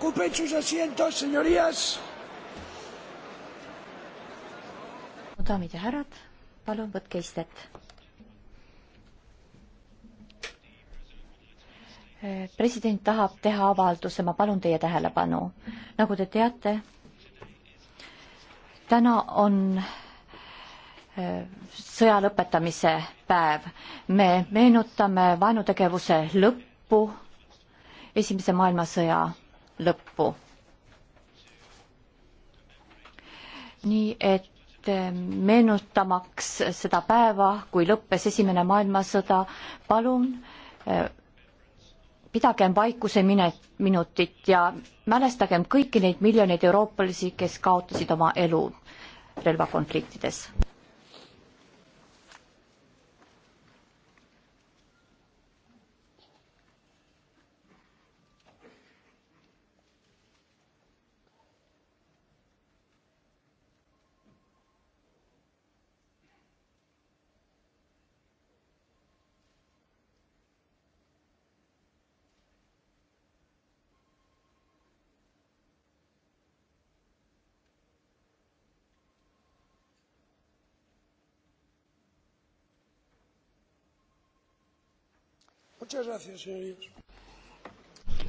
ocupen sus asientos, señorías. daamid ja härrad, palun võtke istet. president tahab teha avalduse, ma palun teie tähelepanu. nagu te teate, täna on äh, sõja lõpetamise päev. me meenutame vaenutegevuse lõppu esimese maailmasõja lõppu. nii et eh, meenutamaks seda päeva, kui lõppes Esimene maailmasõda, palun eh, pidagem vaikuse minet, minutit ja mälestagem kõiki neid miljoneid eurooplasi, kes kaotasid oma elu relvakonfliktides.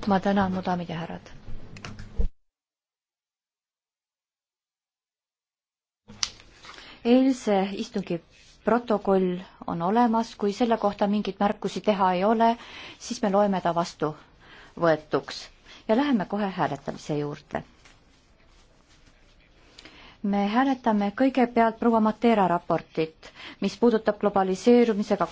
ma tänan, mu daamid ja härrad. eilse istungi protokoll on olemas, kui selle kohta mingeid märkusi teha ei ole, siis me loeme ta vastu võetuks ja läheme kohe hääletamise juurde. me hääletame kõigepealt proua Matera raportit, mis puudutab globaliseerumisega